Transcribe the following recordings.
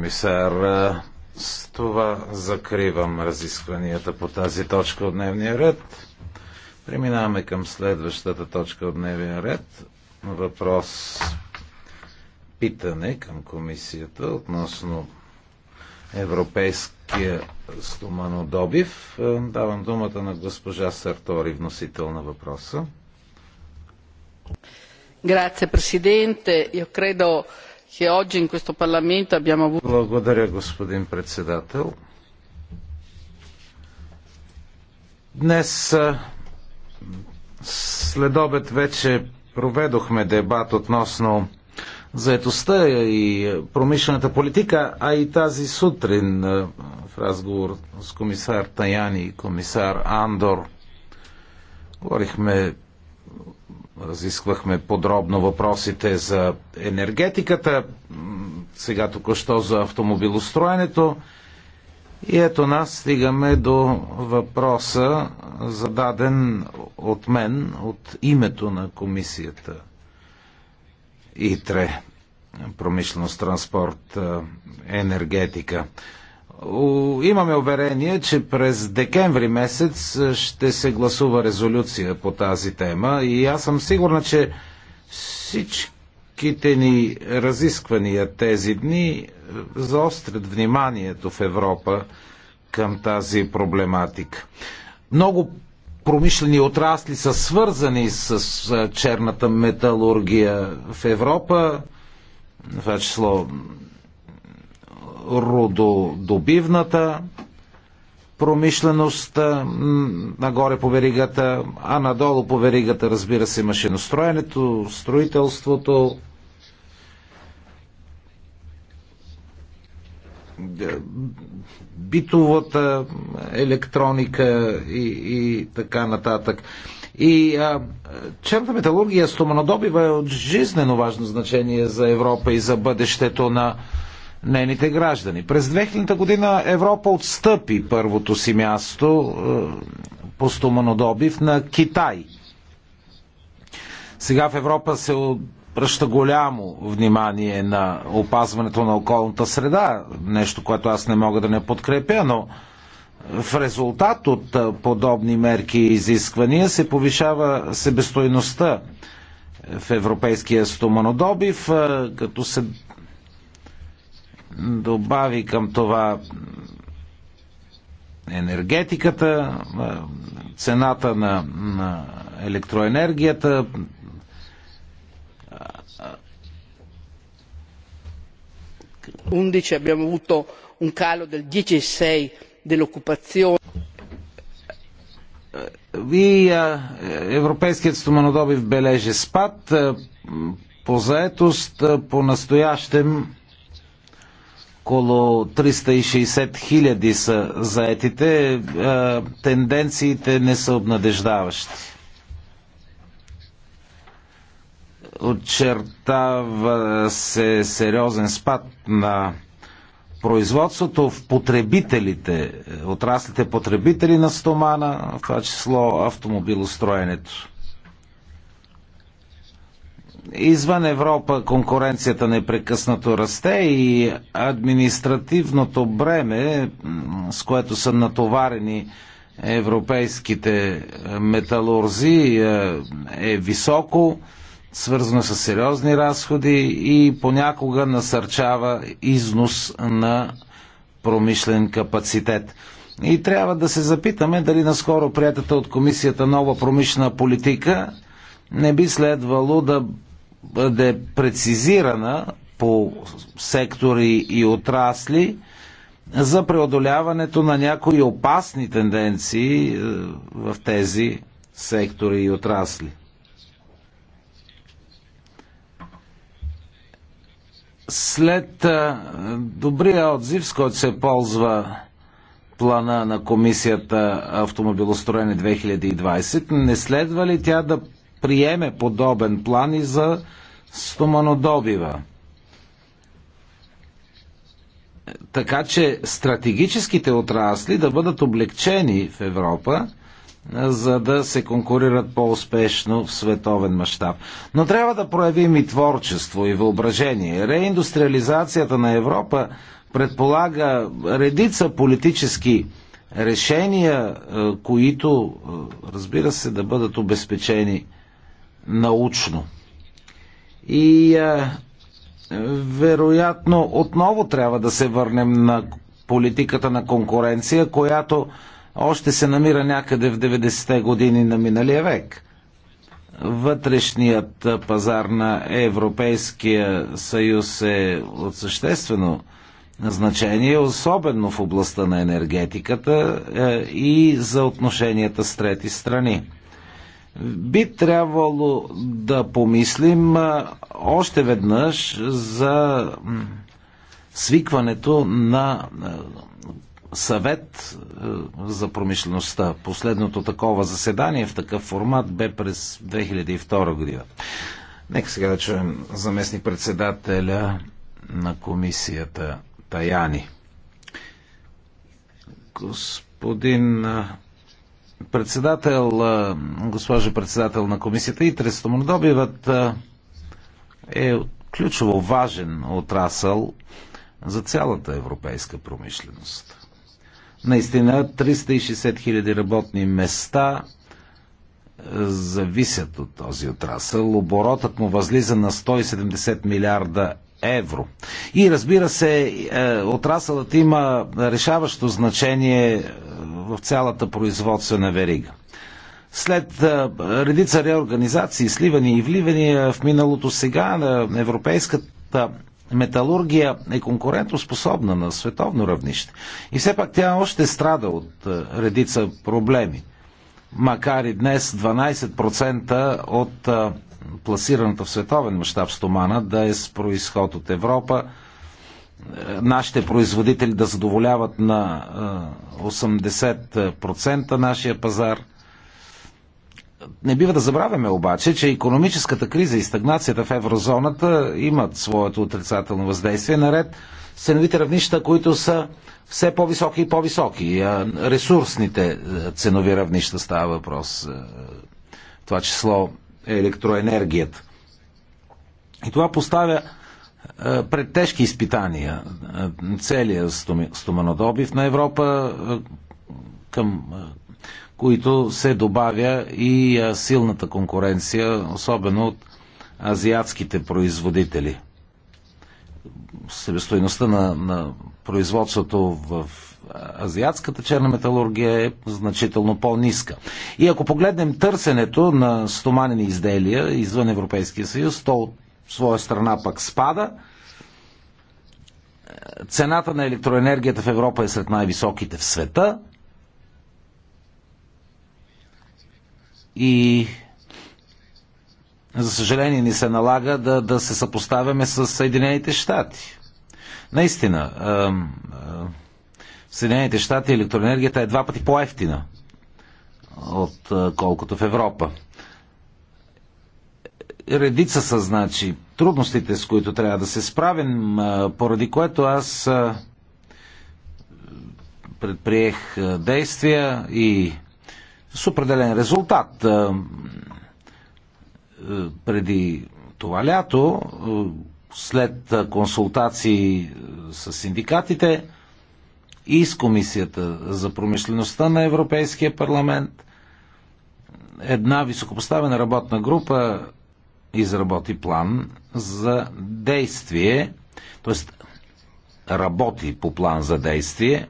комисар. С това закривам разискванията по тази точка от дневния ред. Преминаваме към следващата точка от дневния ред. Въпрос питане към комисията относно европейския стоманодобив. Давам думата на госпожа Сартори, вносител на въпроса. Grazie Presidente, io credo che oggi in questo Parlamento abbiamo avuto. Благодаря, господин председател. Днес след обед вече проведохме дебат относно заетостта и промишлената политика, а и тази сутрин в разговор с комисар Таяни и комисар Андор говорихме разисквахме подробно въпросите за енергетиката, сега току-що за автомобилостроенето. И ето нас стигаме до въпроса, зададен от мен, от името на комисията ИТРЕ, промишленост, транспорт, е, енергетика. Имаме уверение, че през декември месец ще се гласува резолюция по тази тема и аз съм сигурна, че всичките ни разисквания тези дни заострят вниманието в Европа към тази проблематика. Много промишлени отрасли са свързани с черната металургия в Европа, в това число рододобивната промишленост нагоре по веригата, а надолу по веригата, разбира се, машиностроенето, строителството, битовата електроника и, и така нататък. И а, черната металургия, стоманодобива е от жизнено важно значение за Европа и за бъдещето на нейните граждани. През 2000 година Европа отстъпи първото си място е, по стоманодобив на Китай. Сега в Европа се пръща голямо внимание на опазването на околната среда, нещо, което аз не мога да не подкрепя, но в резултат от е, подобни мерки и изисквания се повишава себестойността в европейския стоманодобив, е, като се добави към това енергетиката, цената на, на електроенергията, Undici abbiamo avuto un calo del dieci e sei dell'occupazione. И европейският стоманодобив бележи спад по заетост по настоящем около 360 хиляди са заетите, е, тенденциите не са обнадеждаващи. Очертава се сериозен спад на производството в потребителите, отраслите потребители на стомана, в това число автомобилостроенето. Извън Европа конкуренцията непрекъснато расте и административното бреме, с което са натоварени европейските е, металурзи, е, е високо, свързано с сериозни разходи и понякога насърчава износ на промишлен капацитет. И трябва да се запитаме дали наскоро приятата от комисията нова промишлена политика не би следвало да бъде прецизирана по сектори и отрасли за преодоляването на някои опасни тенденции е, в тези сектори и отрасли. След е, добрия отзив, с който се ползва плана на комисията Автомобилостроене 2020, не следва ли тя да приеме подобен план и за стоманодобива. Така че стратегическите отрасли да бъдат облегчени в Европа, за да се конкурират по-успешно в световен мащаб. Но трябва да проявим и творчество и въображение. Реиндустриализацията на Европа предполага редица политически решения, които, разбира се, да бъдат обезпечени научно. И а, е, вероятно отново трябва да се върнем на политиката на конкуренция, която още се намира някъде в 90-те години на миналия век. Вътрешният пазар на Европейския съюз е от съществено значение, особено в областта на енергетиката е, и за отношенията с трети страни би трябвало да помислим още веднъж за свикването на съвет за промишлеността. Последното такова заседание в такъв формат бе през 2002 година. Нека сега да чуем заместник председателя на комисията Таяни. Господин председател, госпожо председател на комисията и трестомодобивът е ключово важен отрасъл за цялата европейска промишленост. Наистина 360 хиляди работни места зависят от този отрасъл. Оборотът му възлиза на 170 милиарда евро. И разбира се, е, отрасълът има решаващо значение е, в цялата производствена верига. След редица реорганизации, сливания и вливания в миналото сега на европейската металургия е конкурентоспособна на световно равнище. И все пак тя още страда от редица проблеми. Макар и днес 12% от пласираната в световен мащаб стомана да е с происход от Европа, нашите производители да задоволяват на 80% нашия пазар. Не бива да забравяме обаче, че економическата криза и стагнацията в еврозоната имат своето отрицателно въздействие наред с ценовите равнища, които са все по-високи и по-високи. Ресурсните ценови равнища става въпрос. това число е електроенергията. И това поставя е, пред тежки изпитания е, целият стоманодобив на Европа, е, към които се добавя и силната конкуренция, особено от азиатските производители. Себестойността на, на производството в азиатската черна металургия е значително по-ниска. И ако погледнем търсенето на стоманени изделия извън Европейския съюз, то своя страна пък спада. Цената на електроенергията в Европа е сред най-високите в света. И за съжаление ни се налага да, да се съпоставяме с Съединените щати. Наистина, в Съединените щати електроенергията е два пъти по-ефтина, отколкото в Европа редица са, значи, трудностите, с които трябва да се справим, поради което аз предприех действия и с определен резултат. Преди това лято, след консултации с синдикатите и с Комисията за промишлеността на Европейския парламент, една високопоставена работна група изработи план за действие, т.е. работи по план за действие.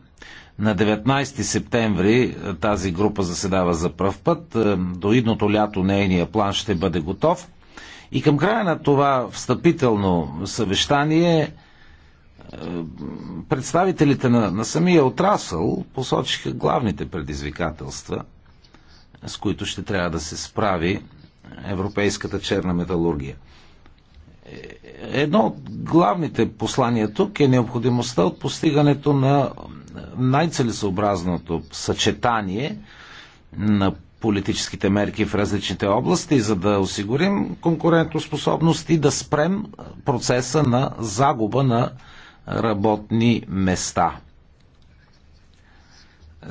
На 19 септември е, тази група заседава за пръв път. Е, до идното лято нейния план ще бъде готов. И към края на това встъпително съвещание е, представителите на, на самия отрасъл посочиха главните предизвикателства, с които ще трябва да се справи европейската черна металургия. Едно от главните послания тук е необходимостта от постигането на най-целесообразното съчетание на политическите мерки в различните области, за да осигурим конкурентоспособност и да спрем процеса на загуба на работни места.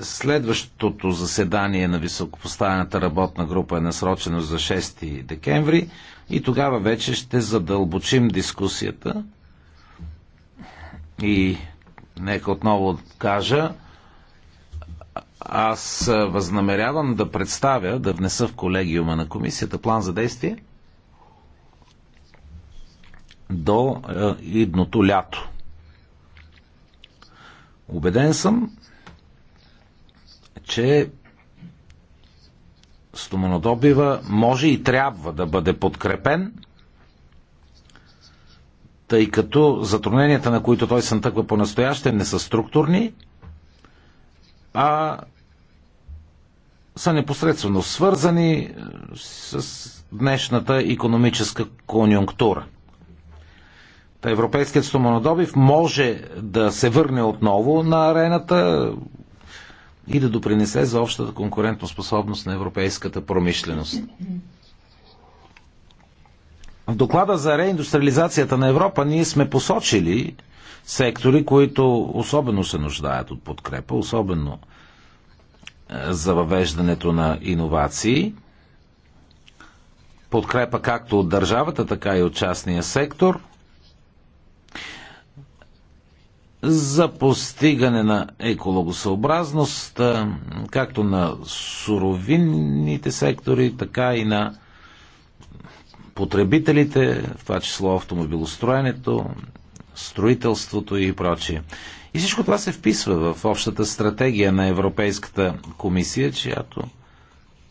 Следващото заседание на високопоставената работна група е насрочено за 6 декември и тогава вече ще задълбочим дискусията. И нека отново кажа, аз възнамерявам да представя, да внеса в колегиума на комисията план за действие до е, идното лято. Убеден съм, че стоманодобива може и трябва да бъде подкрепен, тъй като затрудненията, на които той се натъква по-настояще, не са структурни, а са непосредствено свързани е, с днешната економическа конюнктура. Та европейският стоманодобив може да се върне отново на арената, и да допринесе за общата конкурентоспособност на европейската промишленост. В доклада за реиндустриализацията на Европа ние сме посочили сектори, които особено се нуждаят от подкрепа, особено е, за въвеждането на иновации. Подкрепа както от държавата, така и от частния сектор – за постигане на екологосъобразност, както на суровинните сектори, така и на потребителите, в това число автомобилостроенето, строителството и прочие. И всичко това се вписва в общата стратегия на Европейската комисия, чиято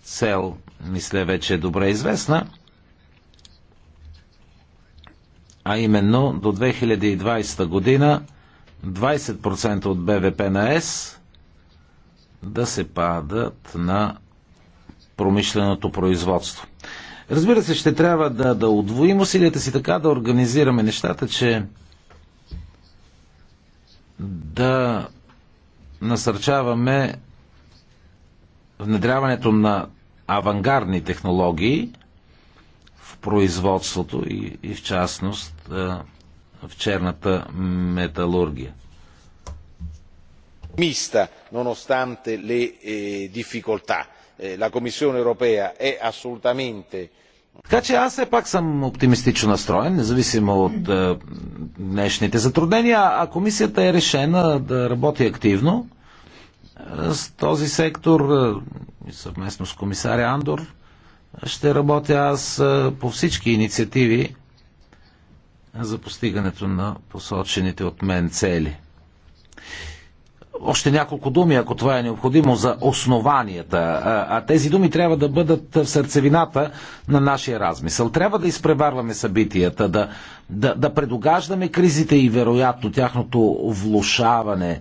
цел, мисля, вече е добре известна, а именно до 2020 година 20% от БВП на ЕС да се падат на промишленото производство. Разбира се, ще трябва да, да удвоим усилията си така, да организираме нещата, че да насърчаваме внедряването на авангардни технологии в производството и, и в частност в черната металургия. Миста, nonostante le eh, difficoltà. La Commissione europea è assolutamente така че аз все пак съм оптимистично настроен, независимо от е, днешните затруднения. А комисията е решена да работи активно е, с този сектор е, и е, съвместно с комисаря Андор ще работя аз е, по всички инициативи, за постигането на посочените от мен цели. Още няколко думи, ако това е необходимо, за основанията. А тези думи трябва да бъдат в сърцевината на нашия размисъл. Трябва да изпреварваме събитията, да, да, да предогаждаме кризите и вероятно тяхното влушаване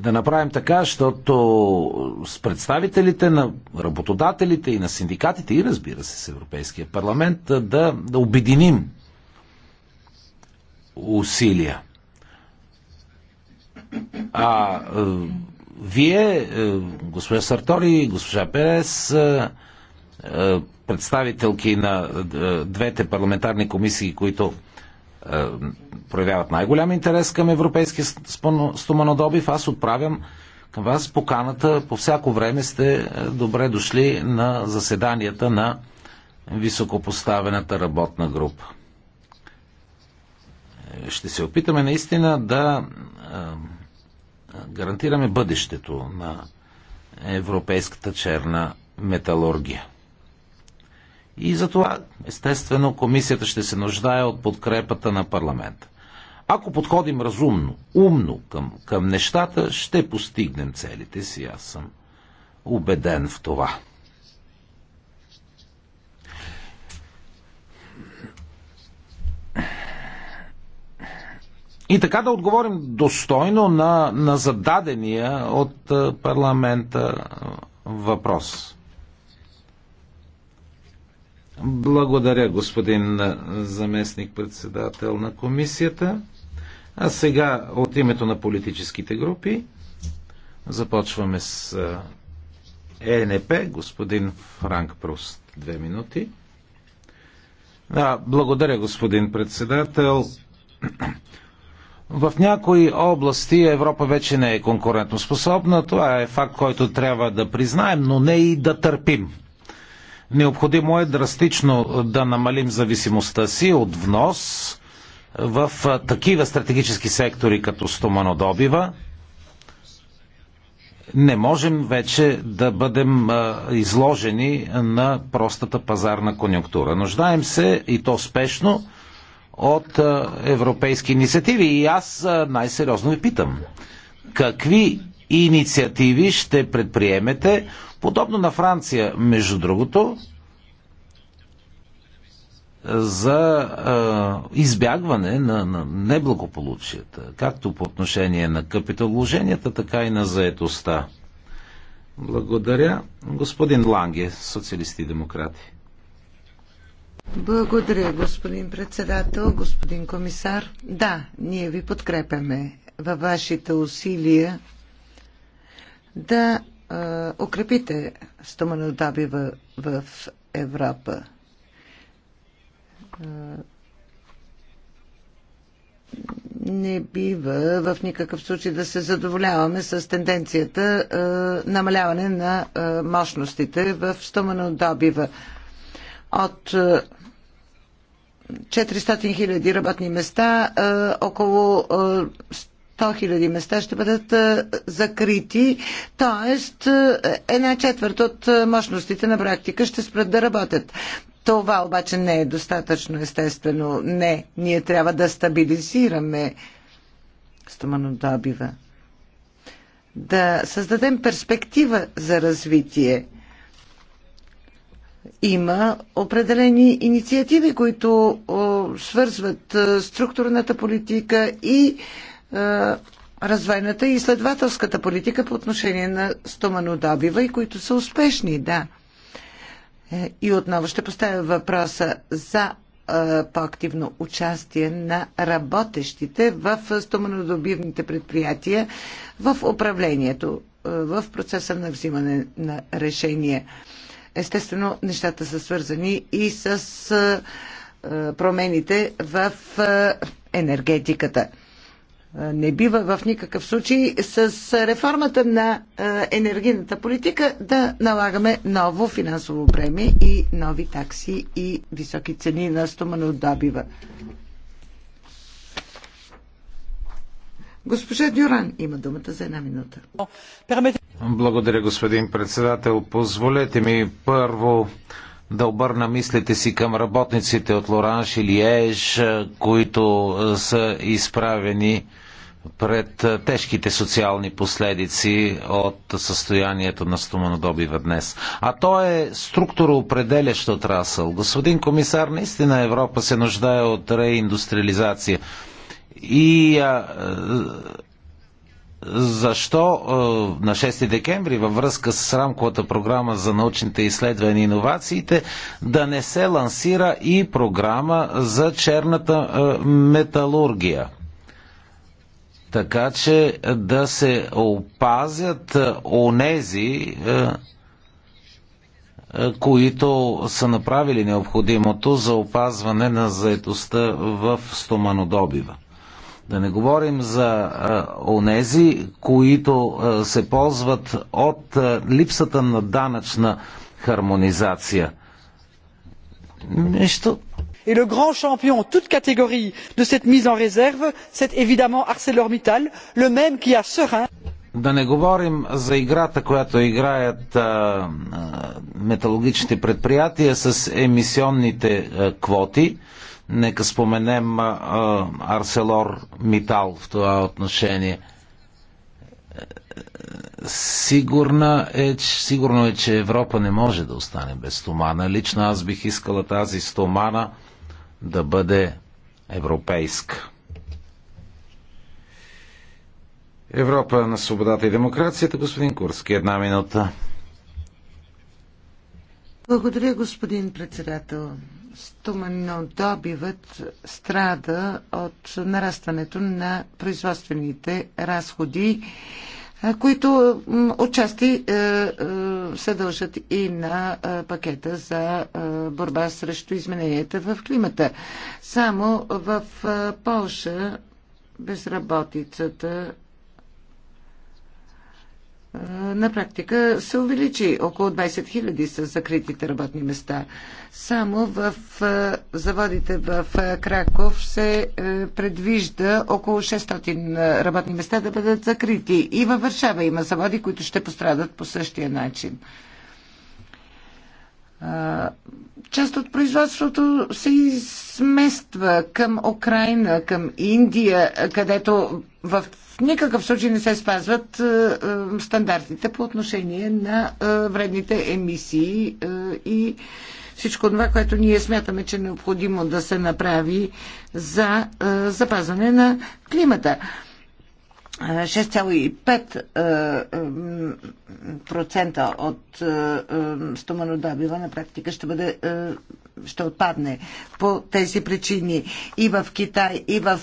да направим така, защото с представителите на работодателите и на синдикатите и разбира се с Европейския парламент да, да обединим усилия. А е, вие, е, госпожа Сартори, госпожа Перес, е, представителки на двете парламентарни комисии, които проявяват най-голям интерес към европейския стоманодобив, аз отправям към вас поканата. По всяко време сте добре дошли на заседанията на високопоставената работна група ще се опитаме наистина да гарантираме бъдещето на европейската черна металургия. И за това, естествено, комисията ще се нуждае от подкрепата на парламента. Ако подходим разумно, умно към, към нещата, ще постигнем целите си. Аз съм убеден в това. И така да отговорим достойно на, на зададения от е, парламента е, въпрос. Благодаря, господин е, заместник-председател на комисията. А сега от името на политическите групи започваме с ЕНП, господин Франк Прост. Две минути. А, благодаря, господин председател. В някои области Европа вече не е конкурентоспособна. Това е факт, който трябва да признаем, но не и да търпим. Необходимо е драстично да намалим зависимостта си от внос в такива стратегически сектори, като стоманодобива. Не можем вече да бъдем изложени на простата пазарна конюнктура. Нуждаем се и то спешно от европейски инициативи. И аз най-сериозно ви питам. Какви инициативи ще предприемете, подобно на Франция, между другото, за е, избягване на, на неблагополучията, както по отношение на капиталовложенията, така и на заетостта. Благодаря. Господин Ланге, социалисти и демократи. Благодаря, господин председател, господин комисар. Да, ние ви подкрепяме във вашите усилия да е, укрепите стоманодаби в, в Европа. не бива в никакъв случай да се задоволяваме с тенденцията е, намаляване на е, мощностите в стоманодобива. От 400 хиляди работни места, около 100 хиляди места ще бъдат закрити, т.е. една четвърт от мощностите на практика ще спрат да работят. Това обаче не е достатъчно, естествено. Не, ние трябва да стабилизираме стоманодобива, да създадем перспектива за развитие има определени инициативи, които свързват е, структурната политика и е, развойната и изследователската политика по отношение на стоманодобива и които са успешни, да. Е, и отново ще поставя въпроса за по-активно участие на работещите в стоманодобивните предприятия в управлението, в процеса на взимане на решения. Естествено, нещата са свързани и с промените в енергетиката. Не бива в никакъв случай с реформата на енергийната политика да налагаме ново финансово бреме и нови такси и високи цени на стоманодобива. добива. Госпожа Дюран има думата за една минута. Благодаря, господин председател. Позволете ми първо да обърна мислите си към работниците от Лоранж и Лиеж, които е, са изправени пред е, тежките социални последици от състоянието на стоманодобива днес. А то е структуроопределящ отрасъл. Господин комисар, наистина Европа се нуждае от реиндустриализация. И а, защо на 6 декември във връзка с рамковата програма за научните изследвания и иновациите да не се лансира и програма за черната металургия? Така че да се опазят онези, които са направили необходимото за опазване на заедостта в стоманодобива. Да не говорим за онези, които се ползват от липсата на данъчна хармонизация. Нещо И le grand champion en toutes de cette mise en réserve c'est évidemment arcelormittal le même qui à serein Да не говорим за играта, която играят а, металогичните предприятия с емисионните а, квоти. Нека споменем Арселор Митал в това отношение. Сигурна е, сигурно е, че Европа не може да остане без стомана. Лично аз бих искала тази стомана да бъде европейска. Европа на свободата и демокрацията, господин Курски, една минута. Благодаря, господин председател. Стоманодобивът страда от нарастването на производствените разходи, които отчасти е, е, се дължат и на е, пакета за борба срещу измененията в климата. Само в Полша безработицата на практика се увеличи. Около 20 000 са закритите работни места. Само в заводите в Краков се е, предвижда около 600 работни места да бъдат закрити. И във Варшава има заводи, които ще пострадат по същия начин. Част от производството се измества към Украина, към Индия, където в никакъв случай не се спазват е, е, стандартите по отношение на е, вредните емисии и всичко това, което ние смятаме, че е необходимо да се направи за запазване на климата. 6,5% от стоманодобива на практика ще бъде ще отпадне по тези причини и в Китай, и в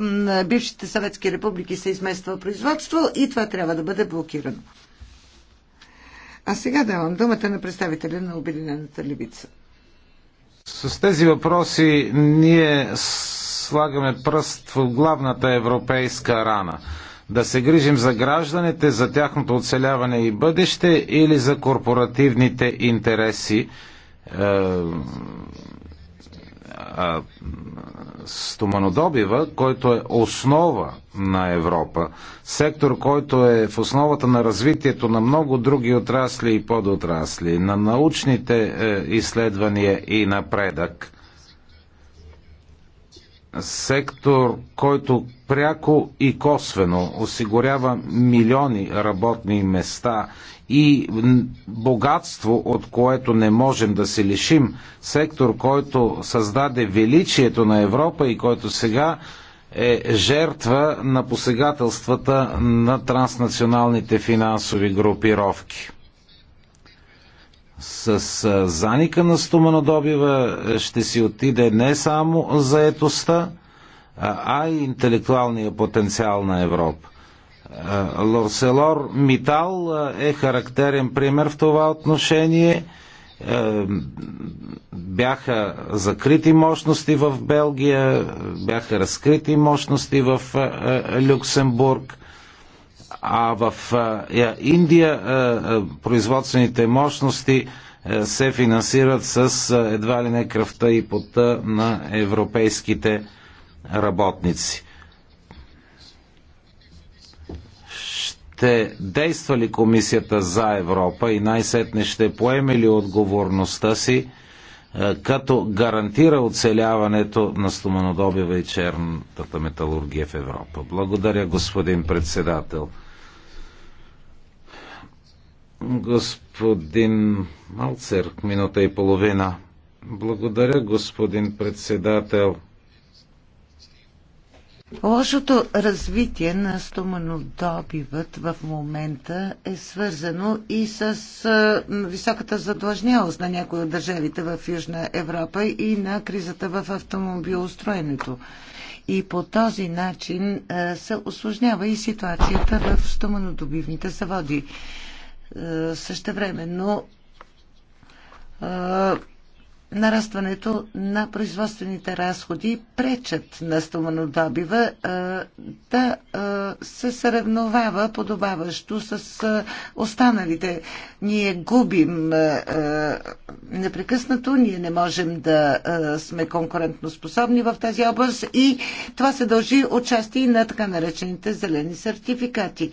на бившите съветски републики се измества производство и това трябва да бъде блокирано. А сега давам думата на представителя на Обединената левица. С тези въпроси ние слагаме пръст в главната европейска рана. Да се грижим за гражданите, за тяхното оцеляване и бъдеще или за корпоративните интереси, е, стоманодобива, който е основа на Европа, сектор, който е в основата на развитието на много други отрасли и подотрасли, на научните е, изследвания и напредък, сектор, който пряко и косвено осигурява милиони работни места и богатство, от което не можем да се лишим. Сектор, който създаде величието на Европа и който сега е жертва на посегателствата на транснационалните финансови групировки. С заника на стоманодобива ще си отиде не само заетостта, а и интелектуалния потенциал на Европа. Лорселор Митал е характерен пример в това отношение. Е, бяха закрити мощности в Белгия, бяха разкрити мощности в е, е, Люксембург, а в Индия производствените мощности се финансират с едва ли не кръвта и пота на европейските работници. ще действа ли Комисията за Европа и най-сетне ще поеме ли отговорността си, е, като гарантира оцеляването на стоманодобива и черната металургия в Европа. Благодаря, господин председател. Господин Малцер, минута и половина. Благодаря, господин председател. Лошото развитие на стоманодобивът в момента е свързано и с високата задлъжнялост на някои от държавите в Южна Европа и на кризата в автомобилостроенето. И по този начин се осложнява и ситуацията в стоманодобивните заводи. Същевременно нарастването на производствените разходи пречат на стоманодобива е, да е, се съревновава подобаващо с е, останалите. Ние губим непрекъснато, ние не можем да сме конкурентноспособни в тази област и това се дължи отчасти на така наречените зелени сертификати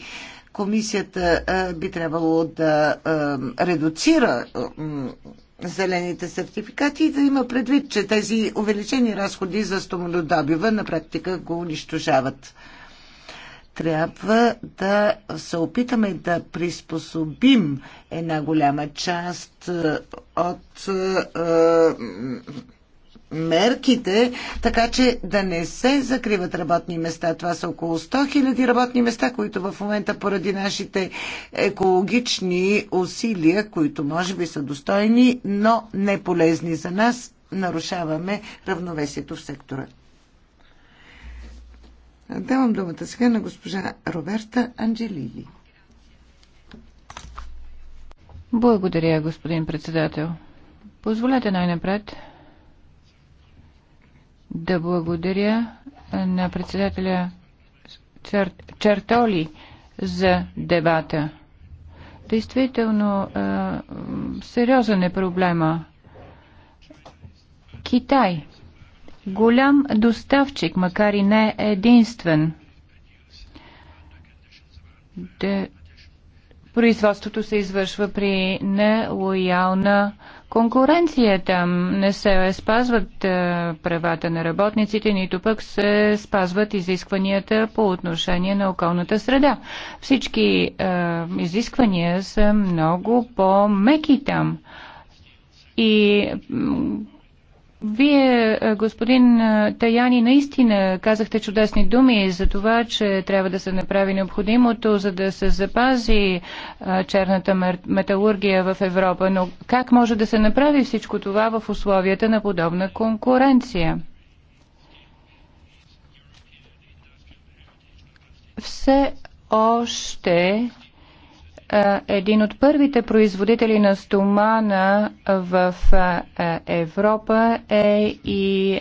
комисията би трябвало да редуцира зелените сертификати и да има предвид, че тези увеличени разходи за стомолодобива на практика го унищожават. Трябва да се опитаме да приспособим една голяма част е, от е, мерките, така че да не се закриват работни места. Това са около 100 000 работни места, които в момента поради нашите екологични усилия, които може би са достойни, но не полезни за нас, нарушаваме равновесието в сектора. Давам думата сега на госпожа Роберта Анджелили. Благодаря, господин председател. Позволете най-напред да благодаря на председателя Чер... Чертоли за дебата. Действително, сериозен е проблема. Китай. Голям доставчик, макар и не единствен. Де... Производството се извършва при нелоялна а, конкуренцията. Не се спазват е, правата на работниците, нито пък се спазват изискванията по отношение на околната среда. Всички е, изисквания са много по-меки там. И вие, е, господин е, Таяни, наистина казахте чудесни думи за това, че трябва да се направи необходимото, за да се запази е, черната металургия в Европа. Но как може да се направи всичко това в условията на подобна конкуренция? Все още е, един от първите производители на стомана в е, Европа е и е,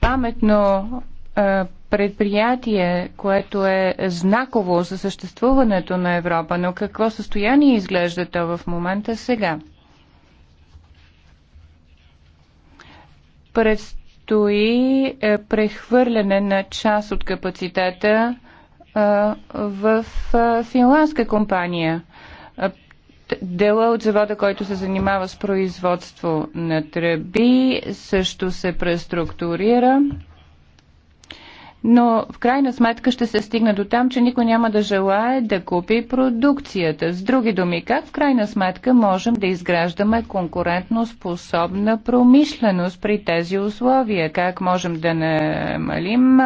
паметно предприятие, което е знаково за съществуването на Европа, но какво състояние изглежда то в момента сега? Предстои прехвърляне на част от капацитета в финландска компания. Дела от завода, който се занимава с производство на тръби, също се преструктурира но в крайна сметка ще се стигне до там, че никой няма да желае да купи продукцията. С други думи, как в крайна сметка можем да изграждаме конкурентно способна промишленост при тези условия? Как можем да намалим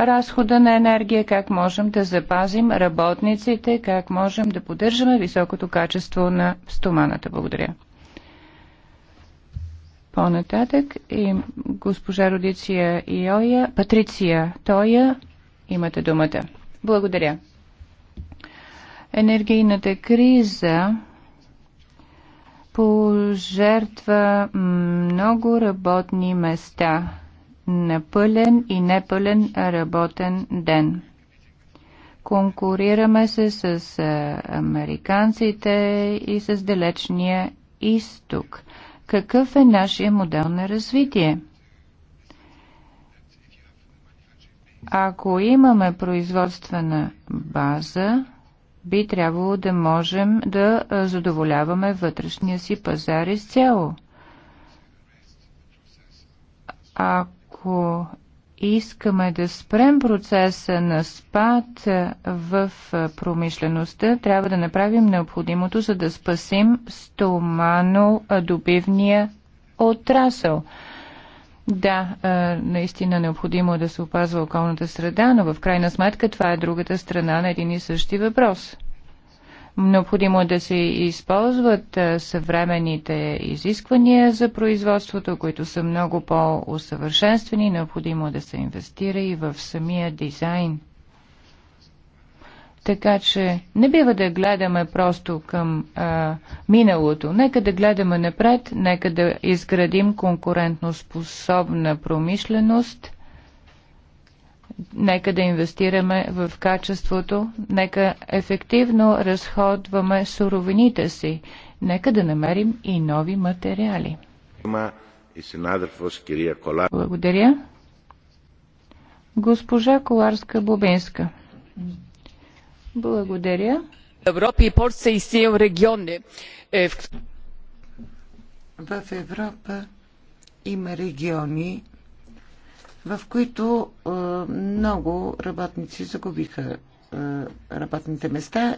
разхода на енергия? Как можем да запазим работниците? Как можем да поддържаме високото качество на стоманата? Благодаря. По-нататък и госпожа Родиция Иоя, Патриция Тоя, имате думата. Благодаря. Енергийната криза пожертва много работни места на пълен и непълен работен ден. Конкурираме се с американците и с далечния изток – какъв е нашия модел на развитие. Ако имаме производствена база, би трябвало да можем да задоволяваме вътрешния си пазар изцяло. Ако искаме да спрем процеса на спад е, в е, промишлеността, трябва да направим необходимото, за да спасим стомано-добивния отрасъл. Да, е, наистина необходимо е да се опазва околната среда, но в крайна сметка това е другата страна на един и същи въпрос – Необходимо е да се използват съвременните изисквания за производството, които са много по-усъвършенствени. Необходимо е да се инвестира и в самия дизайн. Така че не бива да гледаме просто към а, миналото. Нека да гледаме напред, нека да изградим конкурентно способна промишленост – Нека да инвестираме в качеството, нека ефективно разходваме суровините си, нека да намерим и нови материали. Благодаря. Госпожа Коларска-Бубинска. Благодаря. Европа и Польша и сил региони. Е, в Европа има региони, в които много работници загубиха работните места,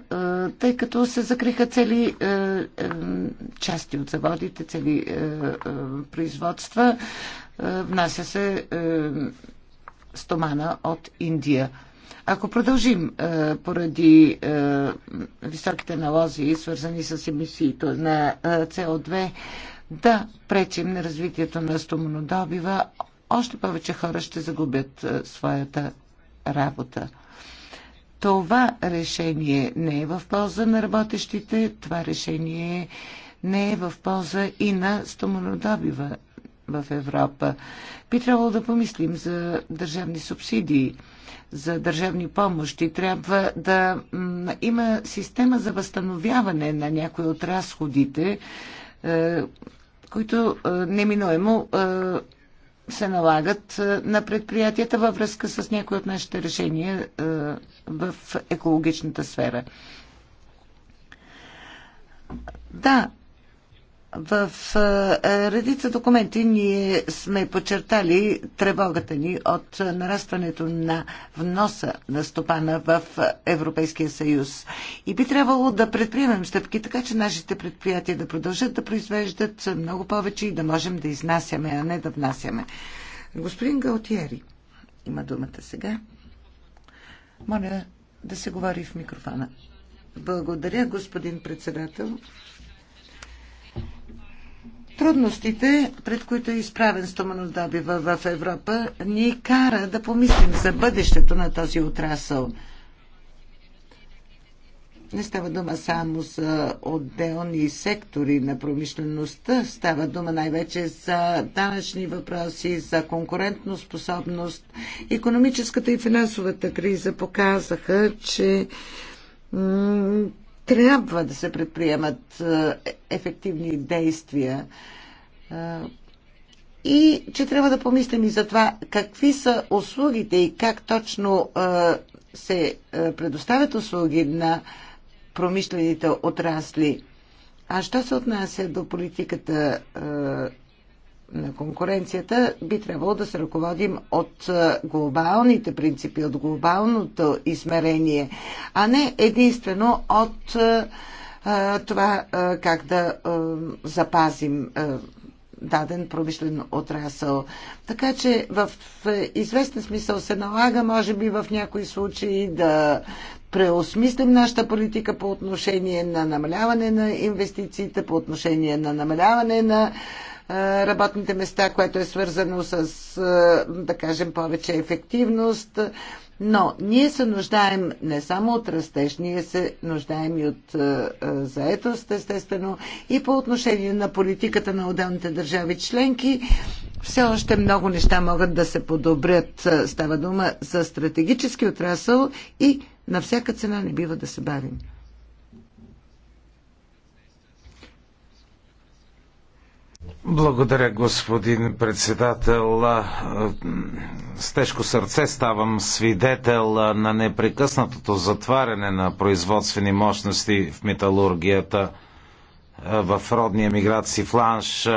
тъй като се закриха цели части от заводите, цели производства. Внася се стомана от Индия. Ако продължим е, поради е, високите налози, свързани с емисиите на е, CO2, да пречим на развитието на стомонодобива, още повече хора ще загубят е, своята работа. Това решение не е в полза на работещите, това решение не е в полза и на стоманодобива в Европа. Би трябвало да помислим за държавни субсидии, за държавни помощи. Трябва да има система за възстановяване на някои от разходите, е, които е, неминуемо се налагат е, на предприятията във връзка с някои от нашите решения е, в екологичната сфера. Да, в е, редица документи ние сме подчертали тревогата ни от нарастването на вноса на стопана в Европейския съюз. И би трябвало да предприемем стъпки, така че нашите предприятия да продължат да произвеждат много повече и да можем да изнасяме, а не да внасяме. Господин Галтиери има думата сега. Моля да се говори в микрофона. Благодаря, господин председател. Трудностите, пред които е изправен стоманодобива в Европа, ни кара да помислим за бъдещето на този отрасъл. Не става дума само за отделни сектори на промишлеността, става дума най-вече за данъчни въпроси, за конкурентно способност. Економическата и финансовата криза показаха, че трябва да се предприемат е, ефективни действия е, и че трябва да помислим и за това какви са услугите и как точно е, се предоставят услуги на промишлените отрасли. А що се отнася до политиката на конкуренцията, би трябвало да се ръководим от глобалните принципи, от глобалното измерение, а не единствено от това как да запазим даден промишлен отрасъл. Така че в известен смисъл се налага, може би в някои случаи, да преосмислим нашата политика по отношение на намаляване на инвестициите, по отношение на намаляване на работните места, което е свързано с, да кажем, повече ефективност. Но ние се нуждаем не само от растеж, ние се нуждаем и от заетост, естествено, и по отношение на политиката на отделните държави членки. Все още много неща могат да се подобрят. Става дума за стратегически отрасъл и на всяка цена не бива да се бавим. Благодаря, господин председател. С тежко сърце ставам свидетел на непрекъснатото затваряне на производствени мощности в металургията в родния миграции фланш.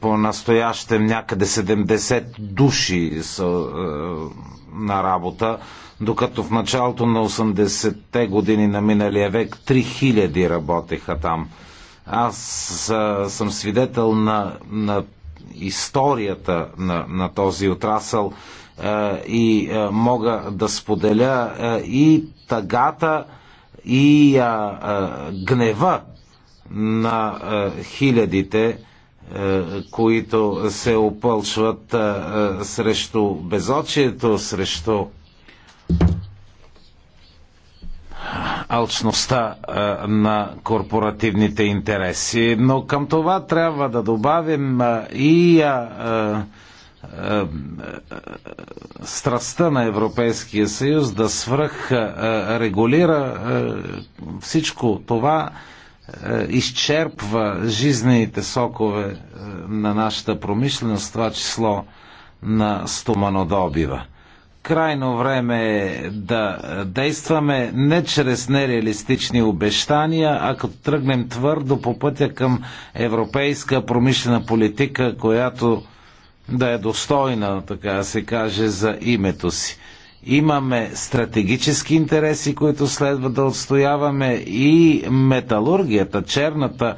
По настоящем някъде 70 души са на работа докато в началото на 80-те години на миналия век 3000 работеха там. Аз а, съм свидетел на, на историята на, на този отрасъл а, и а, мога да споделя а, и тъгата, и а, а, гнева на а, хилядите, а, които се опълчват а, а, срещу безочието, срещу алчността на корпоративните интереси. Но към това трябва да добавим и страстта на Европейския съюз да свръх регулира всичко това изчерпва жизнените сокове на нашата промишленост, това число на стоманодобива крайно време е да действаме не чрез нереалистични обещания, а като тръгнем твърдо по пътя към европейска промишлена политика, която да е достойна, така да се каже, за името си. Имаме стратегически интереси, които следва да отстояваме и металургията, черната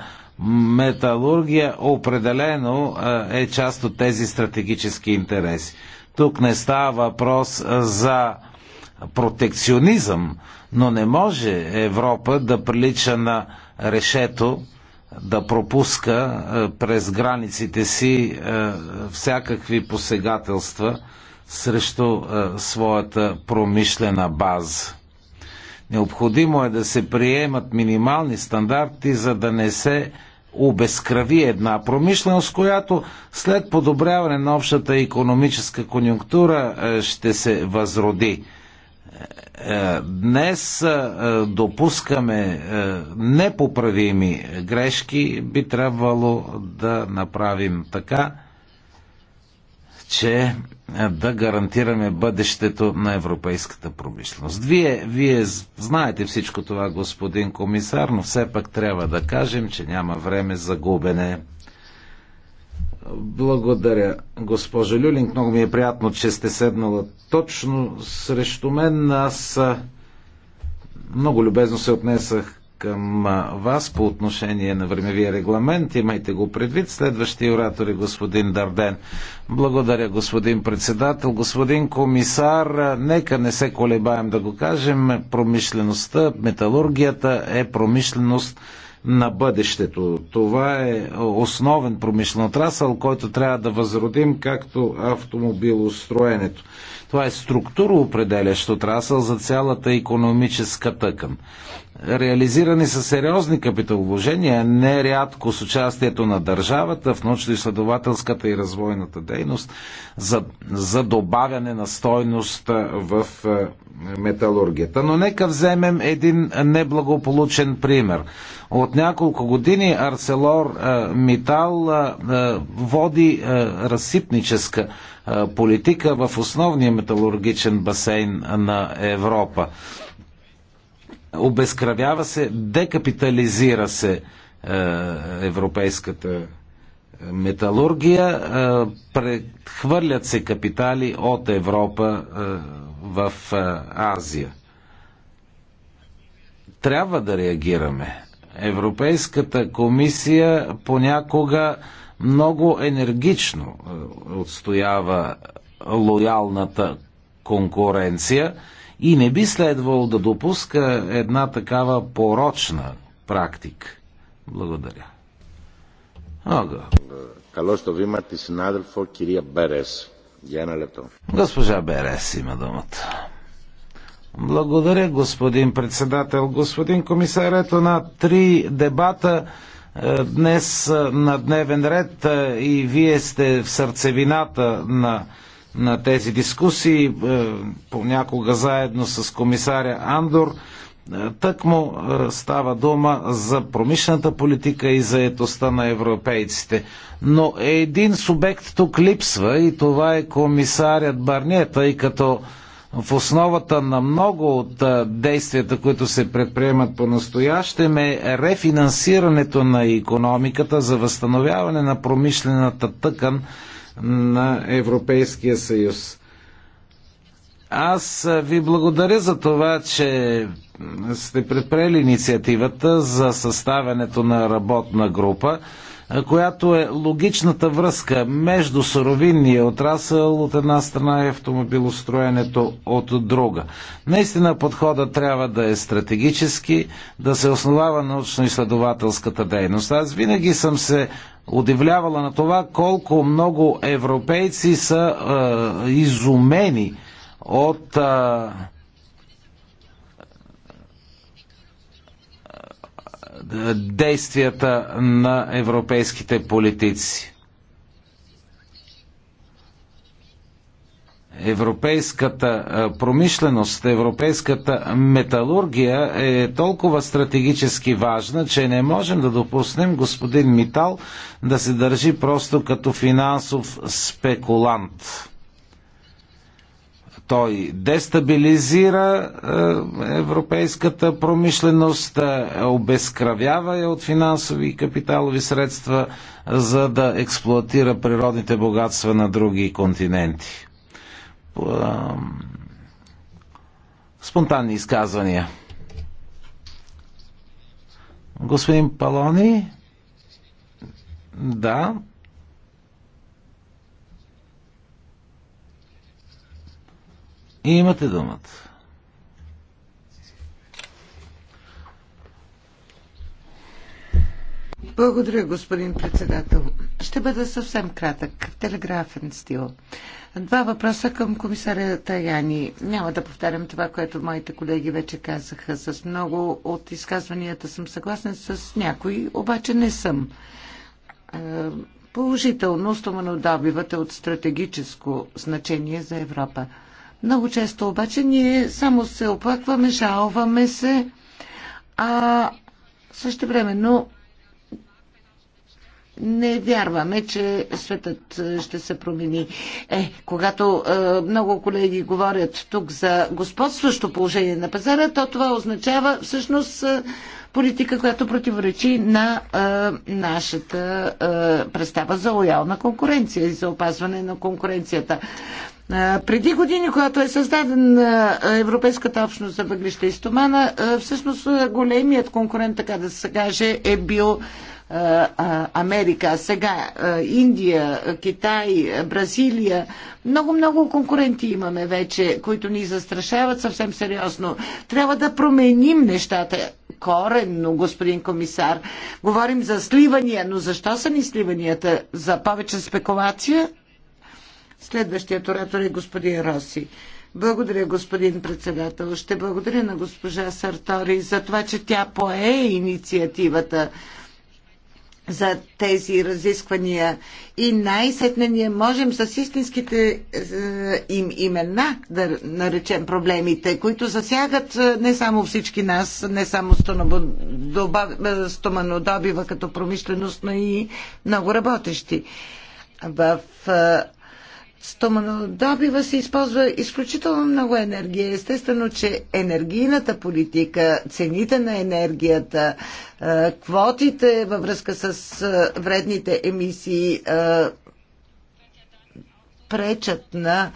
металургия определено е част от тези стратегически интереси. Тук не става въпрос за протекционизъм, но не може Европа да прилича на решето, да пропуска през границите си всякакви посегателства срещу своята промишлена база. Необходимо е да се приемат минимални стандарти, за да не се обезкрави една промишленост, която след подобряване на общата економическа конюнктура е, ще се възроди. Е, е, днес допускаме непоправими грешки, би трябвало да направим така, че да гарантираме бъдещето на европейската промишленост. Вие, вие знаете всичко това, господин комисар, но все пак трябва да кажем, че няма време за губене. Благодаря, госпожо Люлинг. Много ми е приятно, че сте седнала точно срещу мен. Аз много любезно се отнесах към вас по отношение на времевия регламент. Имайте го предвид. Следващия оратор е господин Дарден. Благодаря, господин председател. Господин комисар, нека не се колебаем да го кажем. Промишлеността, металургията е промишленост на бъдещето. Това е основен промишлен отрасъл, който трябва да възродим, както автомобилостроенето. Това е структуроопределящ отрасъл за цялата економическа тъкан реализирани са сериозни капиталовложения, нерядко с участието на държавата в научно-изследователската и развойната дейност за, за добавяне на стойност в металургията. Но нека вземем един неблагополучен пример. От няколко години Арселор Митал води разсипническа политика в основния металургичен басейн на Европа обезкравява се, декапитализира се е, европейската металургия, е, прехвърлят се капитали от Европа е, в Азия. Трябва да реагираме. Европейската комисия понякога много енергично отстоява лоялната конкуренция и не би следвало да допуска една такава порочна практика. Благодаря. Ага. Καλώς το βήμα τη συνάδελφο κυρία Μπέρες. Για ένα λεπτό. Госпожа Берес има думата. Благодаря, господин председател. Господин комисар, ето на три дебата е, днес е, на дневен ред е, и вие сте в сърцевината на на тези дискусии, е, понякога заедно с комисаря Андор. Е, Тъкмо е, става дума за промишлената политика и заедостта на европейците. Но един субект тук липсва и това е комисарят Барнета, тъй като в основата на много от действията, които се предприемат по-настоящем е рефинансирането на економиката за възстановяване на промишлената тъкан на Европейския съюз. Аз ви благодаря за това, че сте предприели инициативата за съставянето на работна група която е логичната връзка между суровинния отрасъл от една страна и автомобилостроенето от друга. Наистина подходът трябва да е стратегически, да се основава научно-изследователската дейност. Аз винаги съм се удивлявала на това колко много европейци са е, изумени от е, действията на европейските политици. Европейската промишленост, европейската металургия е толкова стратегически важна, че не можем да допуснем господин Митал да се държи просто като финансов спекулант. Той дестабилизира е, европейската промишленост, е, обезкравява я от финансови и капиталови средства, за да експлуатира природните богатства на други континенти. Спонтанни изказвания. Господин Палони? Да. И Имате думата. Благодаря, господин председател. Ще бъда съвсем кратък, в телеграфен стил. Два въпроса към комисаря Таяни. Няма да повтарям това, което моите колеги вече казаха. С много от изказванията съм съгласен, с някои обаче не съм. Е, положително стоманодобивът е от стратегическо значение за Европа. Много често обаче ние само се оплакваме, жалваме се, а също времено не вярваме, че светът е, ще се промени. Е, когато е, много колеги говорят тук за господстващо положение на пазара, то това означава всъщност е, политика, която противоречи на е, нашата е, представа за лоялна конкуренция и за опазване на конкуренцията. Преди години, когато е създаден Европейската общност за въглища и стомана, всъщност големият конкурент, така да се каже, е бил Америка, сега Индия, Китай, Бразилия. Много-много конкуренти имаме вече, които ни застрашават съвсем сериозно. Трябва да променим нещата коренно, господин комисар. Говорим за сливания, но защо са ни сливанията? За повече спекулация? Следващият оратор е господин Роси. Благодаря, господин председател. Ще благодаря на госпожа Сартори за това, че тя пое инициативата за тези разисквания. И най-сетне ние можем с истинските е, им имена да наречем проблемите, които засягат е, не само всички нас, не само е, стоманодобива като промишленост, но и много работещи. В стоманодобива се използва изключително много енергия. Естествено, че енергийната политика, цените на енергията, е, квотите във връзка с е, вредните емисии е, пречат на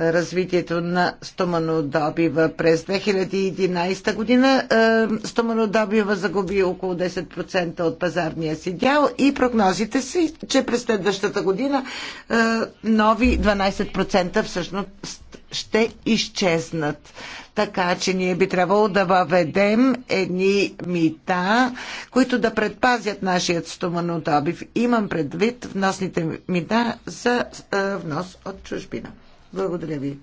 развитието на стоманодобива. През 2011 година е, стоманодобива загуби около 10% от пазарния си дял и прогнозите си, че през следващата година е, нови 12% всъщност ще изчезнат. Така че ние би трябвало да въведем едни мита, които да предпазят нашият стоманодобив. Имам предвид вносните мита за е, внос от чужбина. Благодаря ви.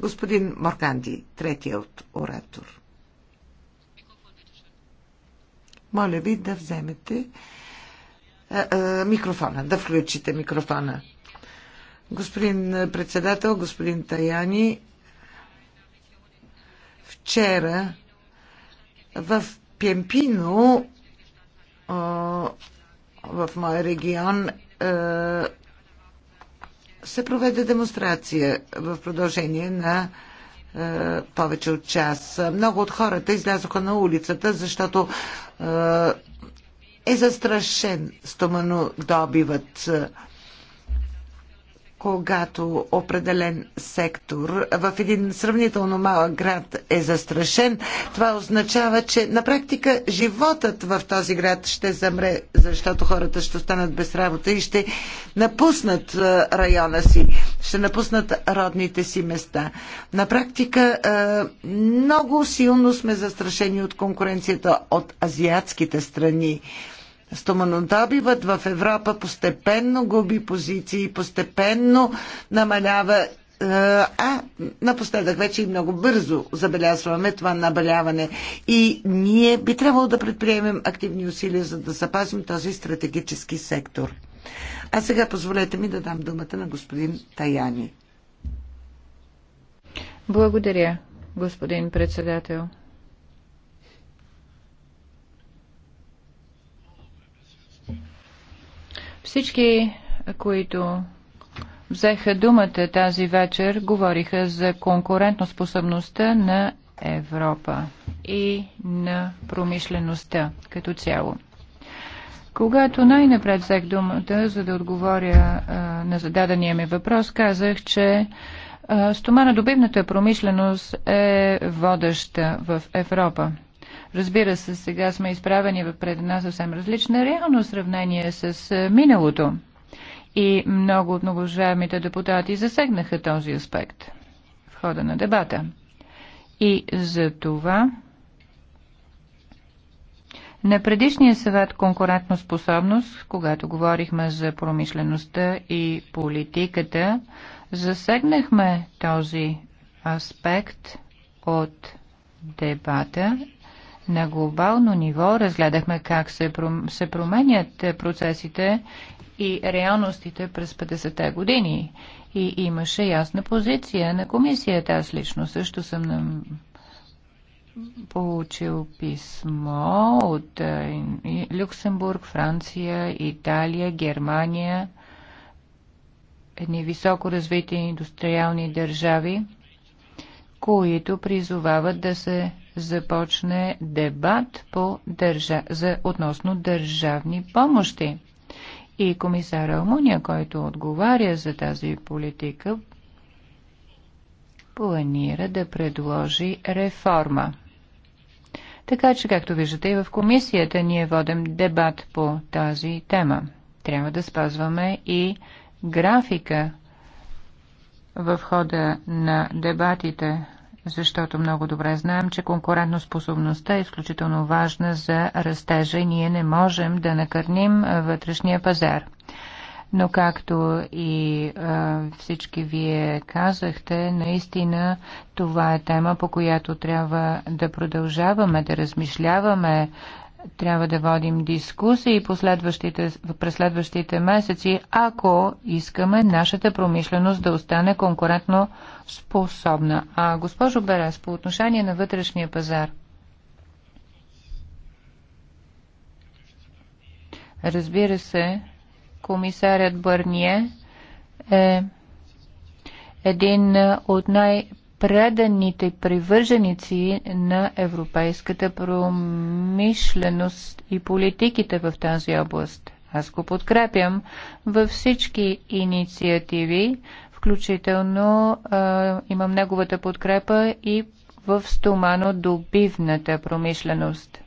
Господин Марканди, от оратор. Моля ви да вземете а, а, микрофона, да включите микрофона. Господин председател, господин Таяни, вчера в Пемпино, в моя регион, се проведе демонстрация в продължение на е, повече от час. Много от хората излязоха на улицата, защото е, е застрашен стоманодобивът. добиват когато определен сектор в един сравнително малък град е застрашен, това означава, че на практика животът в този град ще замре, защото хората ще останат без работа и ще напуснат района си, ще напуснат родните си места. На практика много силно сме застрашени от конкуренцията от азиатските страни. Стоманодобивът в Европа постепенно губи позиции, постепенно намалява е, а напоследък вече и много бързо забелязваме това набаляване. И ние би трябвало да предприемем активни усилия, за да запазим този стратегически сектор. А сега позволете ми да дам думата на господин Таяни. Благодаря, господин председател. Всички, които взеха думата тази вечер, говориха за конкурентоспособността на Европа и на промишлеността като цяло. Когато най-напред взех думата, за да отговоря а, на зададения ми въпрос, казах, че стоманодобивната промишленост е водеща в Европа. Разбира се, сега сме изправени пред една съвсем различна реално сравнение с е, миналото. И много от многожаемите депутати засегнаха този аспект в хода на дебата. И за това на предишния съвет конкурентно способност, когато говорихме за промишлеността и политиката, засегнахме този аспект от дебата на глобално ниво разгледахме как се, пром... се променят е, процесите и реалностите през 50-те години. И имаше ясна позиция на комисията. Аз лично също съм на получил писмо от е, Люксембург, Франция, Италия, Германия, едни високо развити индустриални държави, които призовават да се започне дебат по държа... за... относно държавни помощи. И комисар Алмуния, който отговаря за тази политика, планира да предложи реформа. Така че, както виждате и в комисията, ние водим дебат по тази тема. Трябва да спазваме и графика в хода на дебатите защото много добре знаем, че конкурентоспособността е изключително важна за растежа и ние не можем да накърним вътрешния пазар. Но както и а, всички вие казахте, наистина това е тема, по която трябва да продължаваме да размишляваме трябва да водим дискусии през следващите месеци, ако искаме нашата промишленост да остане конкурентно способна. А госпожо Берес, по отношение на вътрешния пазар, разбира се, комисарят Бърние е един от най- преданите привърженици на европейската промишленост и политиките в тази област. Аз го подкрепям във всички инициативи, включително а, имам неговата подкрепа и в стоманодобивната промишленост.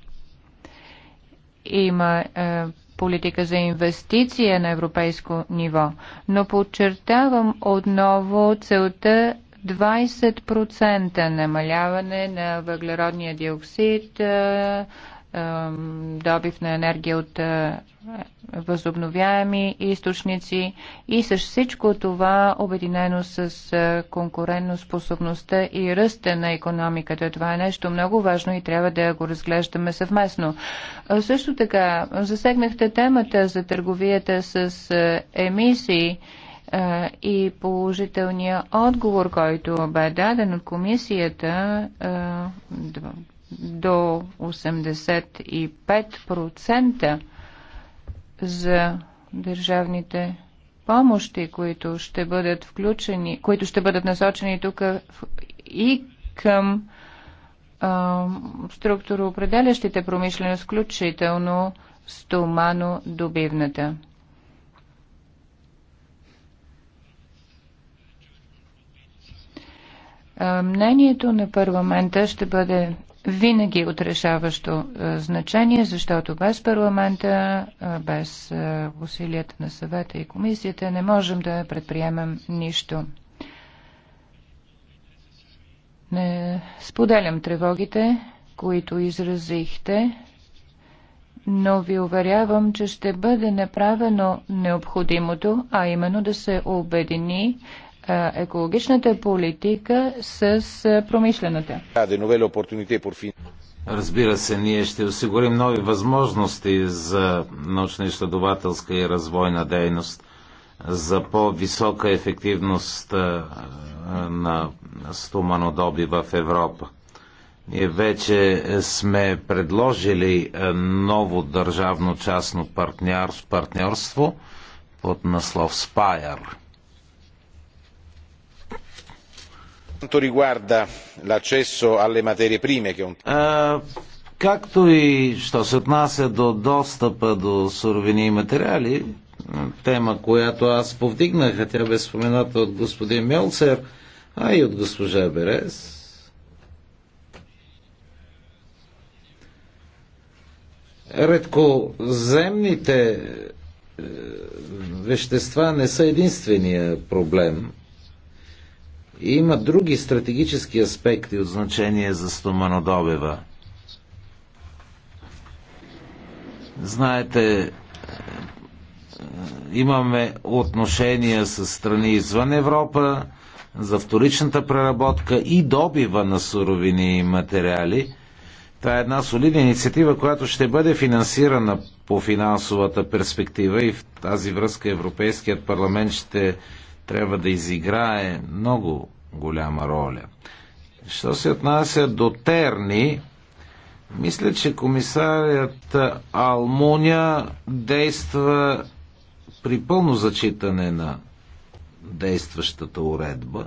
Има а, политика за инвестиция на европейско ниво, но подчертавам отново целта 20% намаляване на въглеродния диоксид, е, е, добив на енергия от е, възобновяеми източници и с всичко това обединено с способността и ръста на економиката. Това е нещо много важно и трябва да го разглеждаме съвместно. Също така, засегнахте темата за търговията с емисии. Е, и положителния отговор, който бе даден от комисията е, до 85% за държавните помощи, които ще бъдат включени, които ще бъдат насочени тук и към е, структуроопределящите промишленост, включително стомано-добивната. Мнението на парламента ще бъде винаги отрешаващо значение, защото без парламента, без усилията на съвета и комисията не можем да предприемем нищо. Не споделям тревогите, които изразихте, но ви уверявам, че ще бъде направено необходимото, а именно да се обедини екологичната политика с промишлената. Разбира се, ние ще осигурим нови възможности за научно-изследователска и развойна дейност, за по-висока ефективност на стоманодоби в Европа. Ние вече сме предложили ново държавно-частно партньорство под наслов Спайер. quanto riguarda l'accesso alle materie prime che е, Както и що се отнася до достъпа до суровини и материали, тема, която аз повдигнах, а тя бе спомената от господин Мелцер, а и от госпожа Берес. Редко земните е, вещества не са единствения проблем – има други стратегически аспекти от значение за стоманодобива. Знаете, е, имаме отношения с страни извън Европа за вторичната преработка и добива на суровини и материали. Това е една солидна инициатива, която ще бъде финансирана по финансовата перспектива и в тази връзка Европейският парламент ще трябва да изиграе много голяма роля. Що се отнася до Терни, мисля, че комисарият Алмуня действа при пълно зачитане на действащата уредба.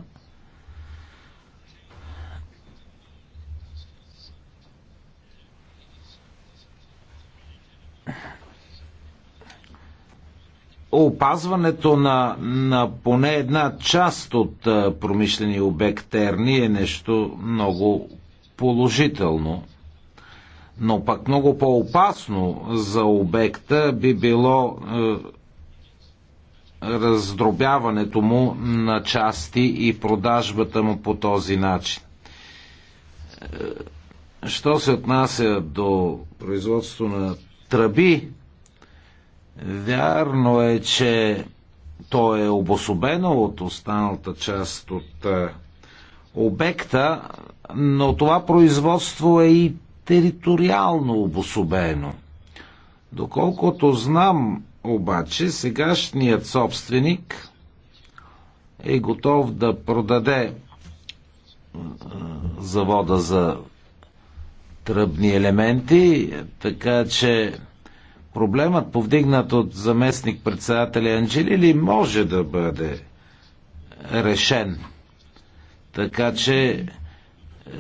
опазването на, на поне една част от промишлени обект Терни е нещо много положително. Но пък много по-опасно за обекта би било е, раздробяването му на части и продажбата му по този начин. Що се отнася до производство на тръби, Вярно е, че то е обособено от останалата част от е, обекта, но това производство е и териториално обособено. Доколкото знам, обаче, сегашният собственик е готов да продаде е, завода за тръбни елементи, така че проблемът, повдигнат от заместник председателя Анджелили, може да бъде решен. Така че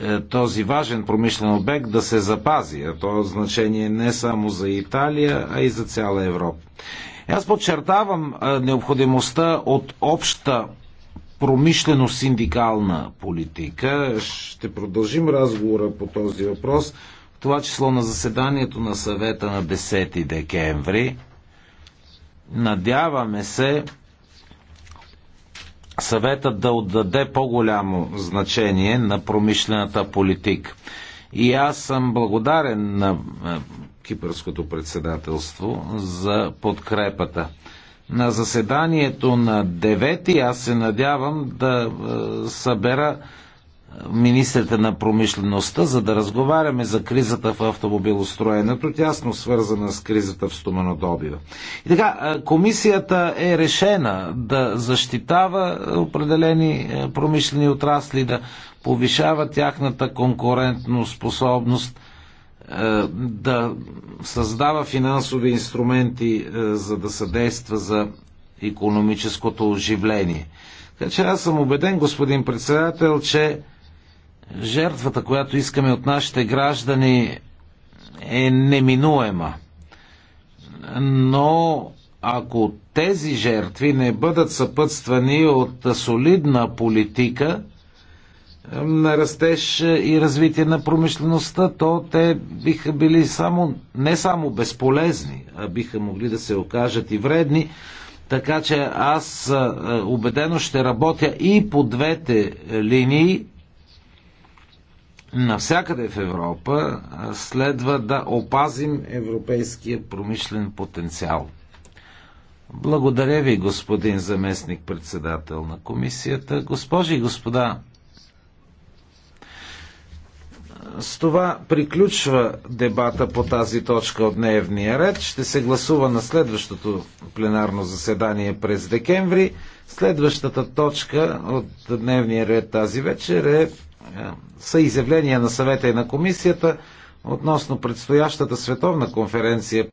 е, този важен промишлен обект да се запази, а то е значение не само за Италия, а и за цяла Европа. Аз подчертавам е, необходимостта от обща промишлено-синдикална политика. Ще продължим разговора по този въпрос това число на заседанието на съвета на 10 декември. Надяваме се съветът да отдаде по-голямо значение на промишлената политика. И аз съм благодарен на е, Кипърското председателство за подкрепата. На заседанието на 9 аз се надявам да е, събера министрите на промишлеността, за да разговаряме за кризата в автомобилостроенето, тясно свързана с кризата в стоманодобива. И така, комисията е решена да защитава определени е, промишлени отрасли, да повишава тяхната конкурентно способност, е, да създава финансови инструменти, е, за да съдейства за економическото оживление. Така че аз съм убеден, господин председател, че Жертвата, която искаме от нашите граждани, е неминуема. Но ако тези жертви не бъдат съпътствани от солидна политика на растеж и развитие на промишлеността, то те биха били само, не само безполезни, а биха могли да се окажат и вредни. Така че аз убедено ще работя и по двете линии навсякъде в Европа следва да опазим европейския промишлен потенциал. Благодаря ви, господин заместник председател на комисията. Госпожи и господа, с това приключва дебата по тази точка от дневния ред. Ще се гласува на следващото пленарно заседание през декември. Следващата точка от дневния ред тази вечер е е, са изявления на съвета и на комисията относно предстоящата световна конференция